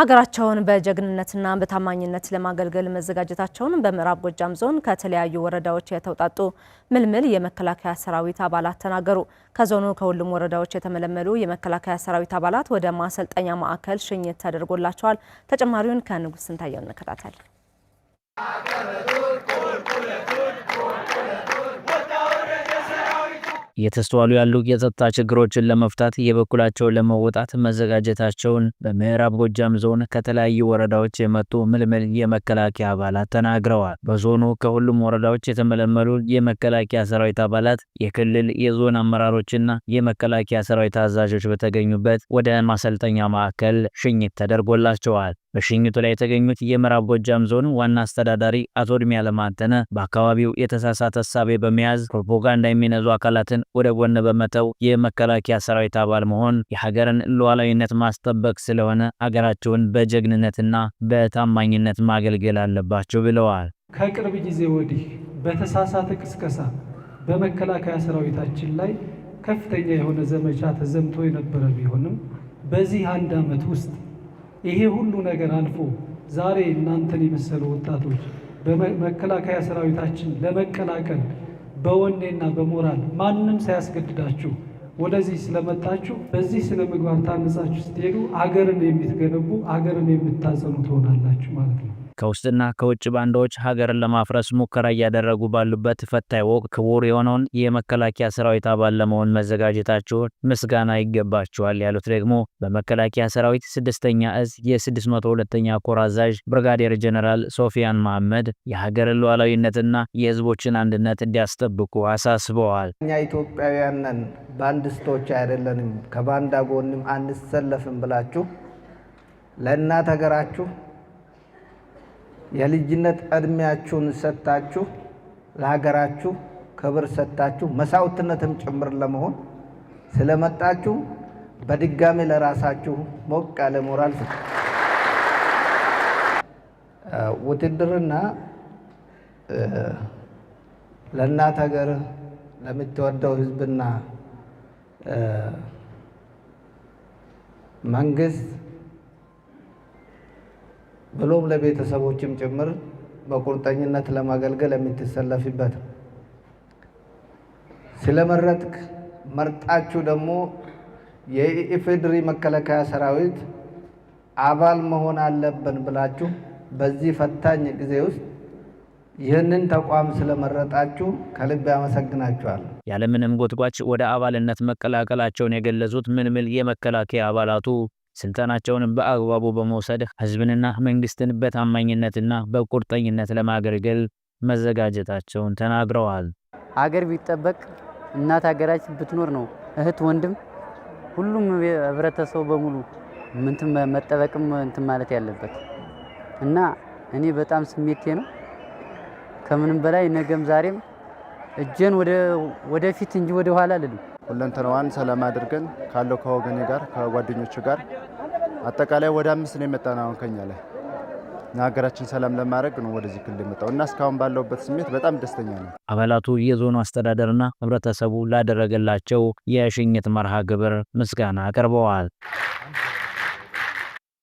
ሀገራቸውን በጀግንነትና በታማኝነት ለማገልገል መዘጋጀታቸውን በምዕራብ ጎጃም ዞን ከተለያዩ ወረዳዎች የተውጣጡ ምልምል የመከላከያ ሰራዊት አባላት ተናገሩ። ከዞኑ ከሁሉም ወረዳዎች የተመለመሉ የመከላከያ ሰራዊት አባላት ወደ ማሰልጠኛ ማዕከል ሽኝት ተደርጎላቸዋል። ተጨማሪውን ከንጉስ ስንታየው እንከታተል። እየተስተዋሉ ያሉ የጸጥታ ችግሮችን ለመፍታት የበኩላቸውን ለመወጣት መዘጋጀታቸውን በምዕራብ ጎጃም ዞን ከተለያዩ ወረዳዎች የመጡ ምልምል የመከላከያ አባላት ተናግረዋል። በዞኑ ከሁሉም ወረዳዎች የተመለመሉ የመከላከያ ሰራዊት አባላት፣ የክልል የዞን አመራሮችና የመከላከያ ሰራዊት አዛዦች በተገኙበት ወደ ማሰልጠኛ ማዕከል ሽኝት ተደርጎላቸዋል። በሽኝቱ ላይ የተገኙት የምዕራብ ጎጃም ዞን ዋና አስተዳዳሪ አቶ እድሜ አለማንተነ በአካባቢው የተሳሳተ እሳቤ በመያዝ ፕሮፓጋንዳ የሚነዙ አካላትን ወደ ጎን በመተው የመከላከያ ሰራዊት አባል መሆን የሀገርን ሉዓላዊነት ማስጠበቅ ስለሆነ አገራቸውን በጀግንነትና በታማኝነት ማገልገል አለባቸው ብለዋል። ከቅርብ ጊዜ ወዲህ በተሳሳተ ቅስቀሳ በመከላከያ ሰራዊታችን ላይ ከፍተኛ የሆነ ዘመቻ ተዘምቶ የነበረ ቢሆንም በዚህ አንድ ዓመት ውስጥ ይሄ ሁሉ ነገር አልፎ ዛሬ እናንተን የመሰሉ ወጣቶች በመከላከያ ሰራዊታችን ለመቀላቀል በወኔና በሞራል ማንም ሳያስገድዳችሁ ወደዚህ ስለመጣችሁ በዚህ ስነ ምግባር ታነጻችሁ ስትሄዱ አገርን የምትገነቡ አገርን የምታጸኑ ትሆናላችሁ ማለት ነው። ከውስጥና ከውጭ ባንዳዎች ሀገርን ለማፍረስ ሙከራ እያደረጉ ባሉበት ፈታኝ ወቅት ክቡር የሆነውን የመከላከያ ሰራዊት አባል ለመሆን መዘጋጀታቸው ምስጋና ይገባቸዋል ያሉት ደግሞ በመከላከያ ሰራዊት ስድስተኛ እዝ የ602ኛ ኮር አዛዥ ብርጋዴር ጀነራል ሶፊያን መሐመድ የሀገርን ሉዓላዊነትና የህዝቦችን አንድነት እንዲያስጠብቁ አሳስበዋል። እኛ ኢትዮጵያውያን ነን፣ ባንዲስቶች አይደለንም፣ ከባንዳ ጎንም አንሰለፍም ብላችሁ ለእናት ሀገራችሁ የልጅነት እድሜያችሁን ሰጥታችሁ ለሀገራችሁ ክብር ሰጥታችሁ መሳውትነትም ጭምር ለመሆን ስለመጣችሁ በድጋሚ ለራሳችሁ ሞቅ ያለ ሞራል ስ ውትድርና ለእናት ሀገር ለምትወደው ህዝብና መንግስት ብሎም ለቤተሰቦችም ጭምር በቁርጠኝነት ለማገልገል የምትሰለፊበት ስለመረጥክ መርጣችሁ ደግሞ የኢፌዴሪ መከላከያ ሰራዊት አባል መሆን አለብን ብላችሁ በዚህ ፈታኝ ጊዜ ውስጥ ይህንን ተቋም ስለመረጣችሁ ከልብ ያመሰግናችኋል። ያለምንም ጎትጓች ወደ አባልነት መቀላቀላቸውን የገለጹት ምልምል የመከላከያ አባላቱ ስልጠናቸውን በአግባቡ በመውሰድ ህዝብንና መንግስትን በታማኝነትና በቁርጠኝነት ለማገልገል መዘጋጀታቸውን ተናግረዋል። አገር ቢጠበቅ እናት ሀገራችን ብትኖር ነው። እህት ወንድም፣ ሁሉም ህብረተሰቡ በሙሉ ምንትን መጠበቅም እንትን ማለት ያለበት እና እኔ በጣም ስሜቴ ነው። ከምንም በላይ ነገም ዛሬም እጄን ወደፊት እንጂ ወደ ኋላ አልልም። ሁለንተናዋን ሰላም አድርገን ካለው ከወገኔ ጋር ከጓደኞቹ ጋር አጠቃላይ ወደ አምስት ነው የመጣ አሁን ከኛ ላይ ሀገራችን ሰላም ለማድረግ ነው ወደዚህ ክልል የመጣው እና እስካሁን ባለውበት ስሜት በጣም ደስተኛ ነው። አባላቱ የዞኑ አስተዳደርና ህብረተሰቡ ላደረገላቸው የሽኝት መርሃ ግብር ምስጋና አቅርበዋል።